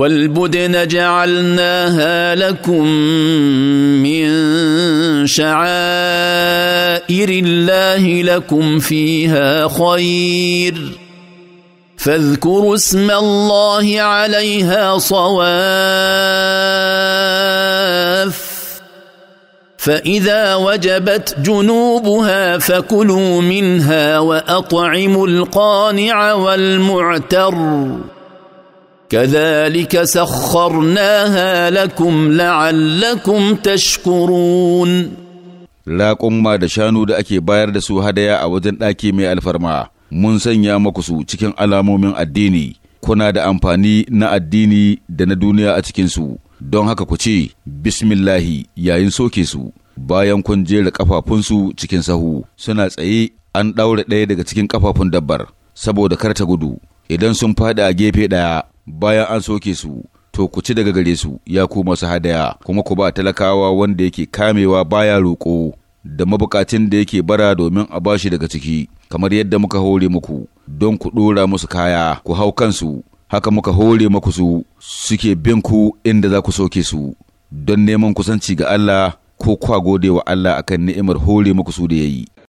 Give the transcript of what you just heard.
والبدن جعلناها لكم من شعائر الله لكم فيها خير فاذكروا اسم الله عليها صواف فاذا وجبت جنوبها فكلوا منها واطعموا القانع والمعتر كذلك سخرناها لكم لعلكم تشكرون raƙumma da shanu da ake bayar da su hadaya a wajen ɗaki mai alfarma mun sanya maku su cikin alamomin addini kuna da amfani na addini da na duniya a cikinsu don haka ku ce bismillahi yayin soke su bayan kun jera ƙafafunsu cikin sahu suna tsaye an ɗaure ɗaya daga cikin ƙafafun dabbar saboda kar ta gudu idan sun faɗi a gefe ɗaya bayan an soke su to ku ci daga gare su ya ku masu hadaya kuma ku ba talakawa wanda yake kamewa baya roƙo da mabukacin da yake bara domin a bashi daga ciki kamar yadda muka hore muku don ku ɗora musu kaya ku hau kansu haka muka hore muku su suke bin ku inda za ku soke su don neman kusanci ga Allah ko kwa gode wa Allah akan ni'imar hore muku su da yayi